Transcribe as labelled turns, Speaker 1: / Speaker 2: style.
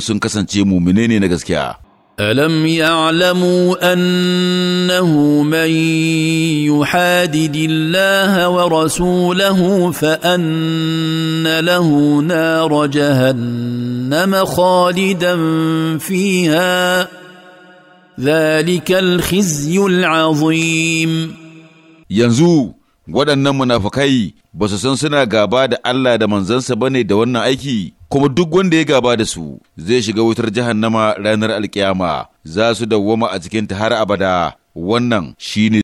Speaker 1: sun kasance mummune ne na gaskiya.
Speaker 2: Alam ya'lamu annahu man yuhadidi Allah wa rasulahu fa anna lahu jahannama khalidan fiha dhalika al-khizyul
Speaker 3: azim
Speaker 4: Yanzu
Speaker 3: waɗannan munafukai ba san
Speaker 4: suna gaba da Allah da manzansa ne da wannan aiki kuma duk wanda ya gaba da su zai shiga wutar jahannama ranar alkiyama za su dawwama a cikinta har abada
Speaker 5: wannan shine